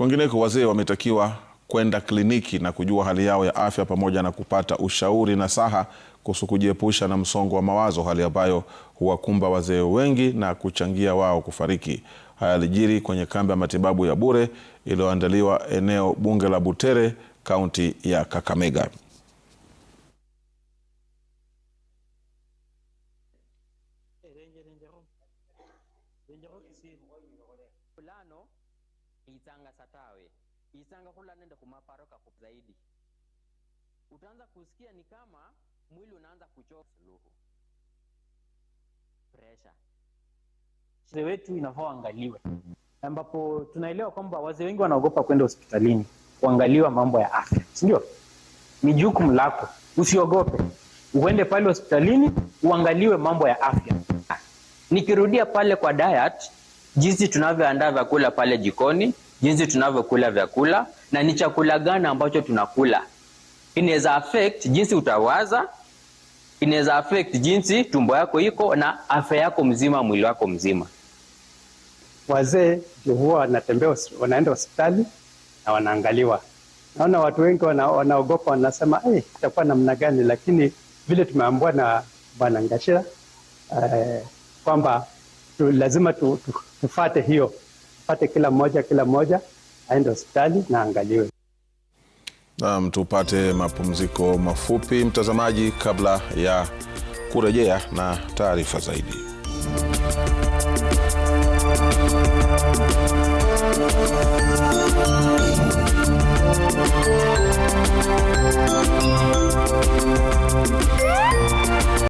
Kwingineko, wazee wametakiwa kwenda kliniki na kujua hali yao ya afya pamoja na kupata ushauri na saha kuhusu kujiepusha na msongo wa mawazo, hali ambayo huwakumba wazee wengi na kuchangia wao kufariki. Haya yalijiri kwenye kambi ya matibabu ya bure iliyoandaliwa eneo bunge la Butere, kaunti ya Kakamega itsanga satawe itsanga hula nende kumaparoka zaidi utaanza kusikia ni kama mwili unaanza kuchoka suluhu pressure wazee wetu inafaa waangaliwe ambapo tunaelewa kwamba wazee wengi wanaogopa kwenda hospitalini kuangaliwa mambo ya afya sindio ni jukumu lako usiogope uende pale hospitalini uangaliwe mambo ya afya nikirudia pale kwa diet jinsi tunavyoandaa vyakula pale jikoni, jinsi tunavyokula vyakula na ni chakula gani ambacho tunakula. Inaweza affect jinsi utawaza, inaweza affect jinsi tumbo yako iko na afya yako mzima, mwili wako mzima. Wazee ndio huwa wanatembea, wanaenda hospitali na wanaangaliwa. Naona watu wengi wanaogopa, wanasema eh, itakuwa namna gani? Lakini vile tumeambiwa na Bwana Ngashira eh, kwamba tu, lazima tu, tu, tufate hiyo tufate kila mmoja kila mmoja aende hospitali na angaliwe. Naam, tupate mapumziko mafupi mtazamaji, kabla ya kurejea na taarifa zaidi.